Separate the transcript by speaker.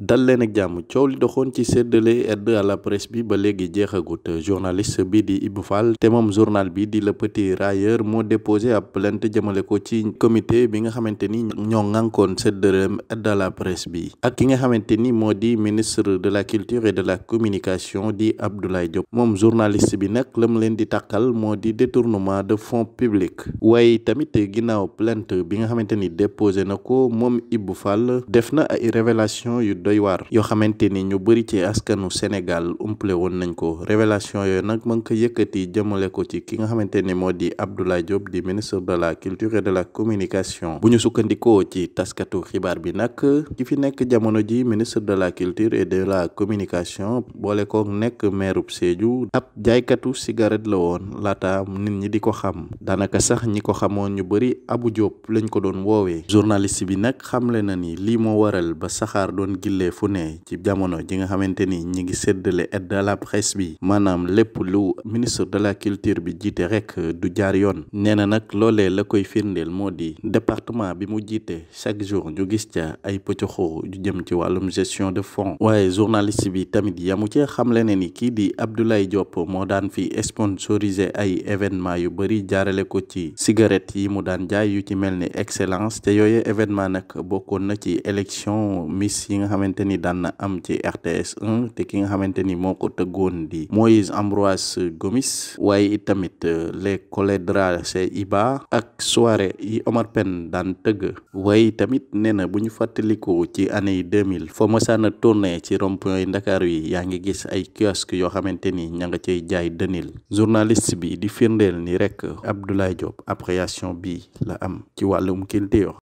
Speaker 1: dal leen ak jàmm coow li doxoon ci séddale aide la presse bi ba léegi jeexagut journaliste bi di Ibou Fall te moom journal bi di la Petit Railleur moo déposé ab plainte jëmale ko ci comité bi nga xamante ni ñoo ŋànkoon séddaleem aide la presse bi ak ki nga xamante ni moo di ministre de la culture et de la communication di Abdoulaye Diop moom journaliste bi nag la mu leen di tàqal moo di détournement de fonds publics waaye tamit ginnaaw plainte bi nga xamante ni déposé na ko moom Ibou def na ay révélation doy waar yoo xamante ni ñu bëri ci askanu Sénégal umple woon nañ ko révélation yooyu nag ma ngi ko yëkkati jëmale ko ci ki nga xamante ni moo di Abdoulaye Diop di ministre de la culture et de la communication bu ñu sukkandikoo ci taskatu xibaar bi nag ki fi nekk jamono ji ministre de la culture de la communication boole ko nekk meerub Sédhiou ab jaaykatu cigarette la woon laata nit ñi di ko xam daanaka sax ñi ko xamoon ñu bëri Abou Diop lañ ko doon woowee journaliste bi nag xamle na ni lii moo waral ba saxaar doon circuler fu ne ci jamono ji nga xamante ni ñi ngi séddale aide à la presse bi maanaam lépp lu ministre de la culture bi jiite rek du jaar yoon nee na nag loolee la koy firndeel moo di département bi mu jiite chaque jour ñu gis ca ay pëccaxoo ju jëm ci wàllum gestion de fonds waaye journaliste bi tamit yamu ci xamle ne ni kii di Abdoulaye Diop moo daan fi sponsorisé ay événement yu bëri jaarale ko ci cigarette yi mu daan jaay yu ci mel ni excellence te yooyu événement nag bokkoon na ci élection miss yi nga xamante ni daan na am ci RTS te ki nga xamante ni moo ko tëggoon di Moïse Ambroise Gomis waaye it tamit euh, les colèdra c'est Iba ak soirée yi Omar Pène daan tëgg waaye tamit nee na bu ñu fàttalikoo ci année yi 2000 fa masaana tourné ci rond-point yi Ndakaaru yi yaa ngi gis ay kiosque yoo xamante ni ña nga cay jaay dënil journaliste bi di firndeel nii rek Abdoulaye Diop appréciation bi la am ci wàllum culture